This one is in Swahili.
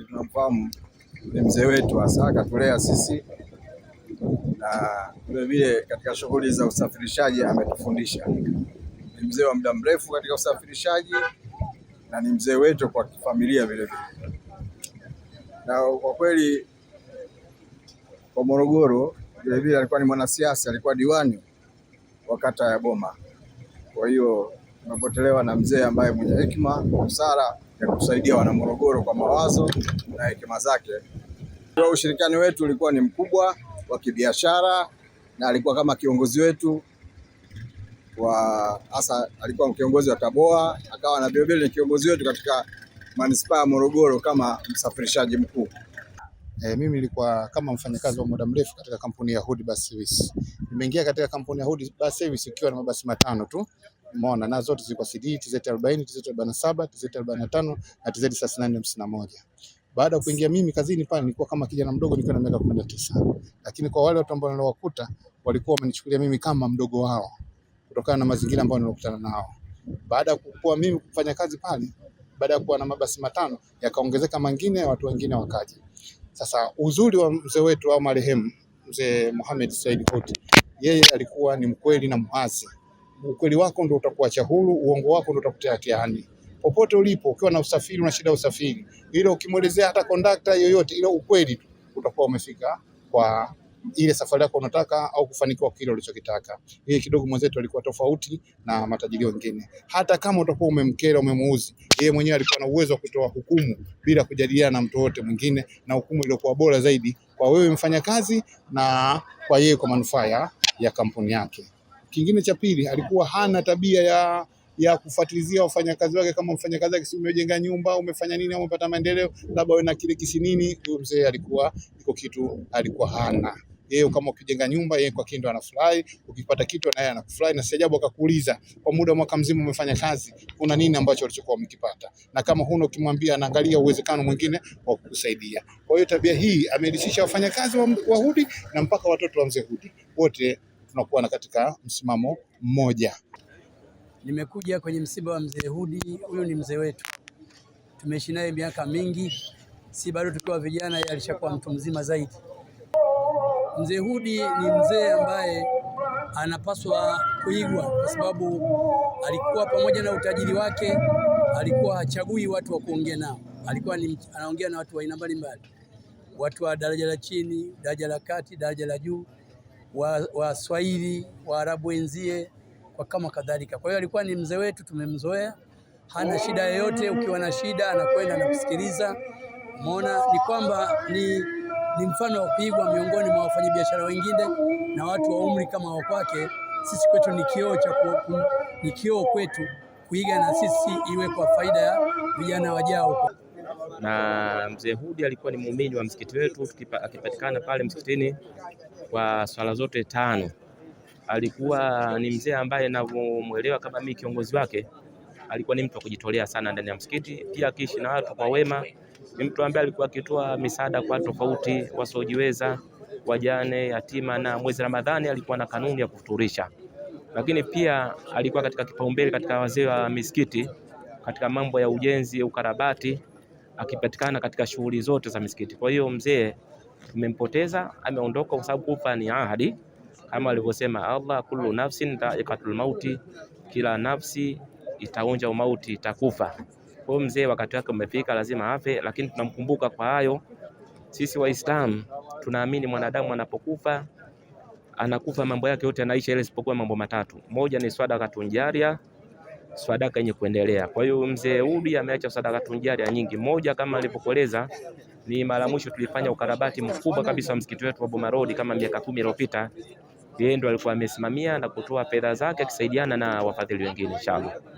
Daudi tunamfahamu ni mzee wetu, hasa katulea sisi na vilevile katika shughuli za usafirishaji ametufundisha. Ni mzee wa muda mrefu katika usafirishaji na ni mzee wetu kwa kifamilia vilevile, na kwa kweli kwa Morogoro vilevile alikuwa ni mwanasiasa, alikuwa diwani wa kata ya Boma. Kwa hiyo tumepotelewa na mzee ambaye mwenye hekima, busara ya kusaidia wanamorogoro kwa mawazo na hekima zake. Ushirikiano wetu ulikuwa ni mkubwa wa kibiashara, na alikuwa kama kiongozi wetu wa hasa, alikuwa kiongozi wa TABOA, akawa na vilevile ni kiongozi wetu katika manispaa ya Morogoro kama msafirishaji mkuu. E, mimi nilikuwa kama mfanyakazi wa muda mrefu katika kampuni ya Hood Bus Service. Nimeingia katika kampuni ya Hood Bus Service ukiwa na mabasi matano tu Umeona, na zote zilikuwa CD TZ 40, TZ 47, TZ 45 na TZ 3451. Baada ya kuingia mimi kazini pale nilikuwa kama kijana mdogo nilikuwa na miaka 19. Lakini kwa wale watu ambao nilowakuta walikuwa wamenichukulia mimi kama mdogo wao kutokana na mazingira ambayo nilokutana nao. Baada ya kukua mimi kufanya kazi pale, baada ya kuwa na mabasi matano yakaongezeka mengine, watu wengine wakaja. Sasa uzuri wa mzee wetu au marehemu mzee Mohamed Said Koti, yeye alikuwa ni mkweli na mwazi ukweli wako ndio utakuacha huru, uongo wako ndio utakutia hatiani. Popote ulipo, ukiwa na usafiri, una shida usafiri, ile ukimwelezea hata kondakta yoyote, ile ukweli tu, utakuwa umefika kwa ile safari yako unataka au kufanikiwa kile ulichokitaka. Yeye kidogo mwenzetu alikuwa tofauti na matajiri wengine. Hata kama utakuwa umemkera, umemuuzi, yeye mwenyewe alikuwa na uwezo wa kutoa hukumu bila kujadiliana na mtu wote mwingine, na hukumu iliyokuwa bora zaidi kwa wewe mfanyakazi na kwa yeye, kwa manufaa ya kampuni yake. Kingine cha pili, alikuwa hana tabia ya ya kufuatilizia wafanyakazi wake. Kama mfanyakazi wake, umejenga nyumba, umefanya nini, au umepata maendeleo, labda wewe na kile kisi nini. Huyo mzee alikuwa iko kitu alikuwa hana yeye. Kama ukijenga nyumba, yeye kwa kindo anafurahi, ukipata kitu naye anafurahi. na si ajabu akakuuliza kwa muda mwaka mzima umefanya kazi, kuna nini ambacho ulichokuwa umekipata, na kama huna, ukimwambia anaangalia uwezekano mwingine wa kukusaidia. Kwa hiyo tabia hii amelishisha wafanyakazi wa, wa Hudi na mpaka watoto wa mzee Hudi wote tunakuwa na katika msimamo mmoja. Nimekuja kwenye msiba wa mzee Hudi. Huyu ni mzee wetu, tumeishi naye miaka mingi, si bado tukiwa vijana, yeye alishakuwa mtu mzima zaidi. Mzee Hudi ni mzee ambaye anapaswa kuigwa kwa sababu alikuwa pamoja na utajiri wake, alikuwa hachagui watu wa kuongea nao, alikuwa ni, anaongea na watu wa aina mbalimbali, watu wa daraja la chini, daraja la kati, daraja la juu. Waswahili wa Waarabu wenzie kwa kama kadhalika. Kwa hiyo alikuwa ni mzee wetu, tumemzoea, hana shida yoyote. Ukiwa na shida anakwenda nakusikiliza. Umeona ni kwamba ni, ni mfano wa kupigwa miongoni mwa wafanyabiashara wengine na watu wa umri kama wa kwake. Sisi kwetu ni kioo cha ni kioo kwetu kuiga na sisi iwe kwa faida ya vijana wajao na mzee Hudi alikuwa ni muumini wa msikiti wetu, akipatikana pale msikitini kwa swala zote tano. Alikuwa ni mzee ambaye ninavyomwelewa kama mimi kiongozi wake, alikuwa ni mtu wa kujitolea sana ndani ya msikiti, pia akiishi na watu kwa wema. Ni mtu ambaye alikuwa akitoa misaada kwa tofauti, wasiojiweza, wajane, yatima, na mwezi Ramadhani alikuwa na kanuni ya kufuturisha, lakini pia alikuwa katika kipaumbele katika wazee wa misikiti katika mambo ya ujenzi, ukarabati akipatikana katika shughuli zote za misikiti. Kwa hiyo mzee tumempoteza, ameondoka, kwa sababu kufa ni ahadi, kama alivyosema Allah, kullu nafsin dha'iqatul mauti, kila nafsi itaonja umauti, itakufa. Kwa hiyo mzee wakati wake umefika, lazima afe, lakini tunamkumbuka kwa hayo. Sisi Waislamu tunaamini mwanadamu anapokufa anakufa mambo yake yote anaisha ile isipokuwa mambo matatu. Moja ni swada katunjaria swadaka yenye kuendelea. Kwa hiyo mzee Udi ameacha sadaka ya nyingi. Moja kama nilivyokueleza ni mara mwisho tulifanya ukarabati mkubwa kabisa msikiti wetu wa Boma Road kama miaka kumi iliyopita. Yeye ndo alikuwa amesimamia na kutoa fedha zake akisaidiana na wafadhili wengine inshallah.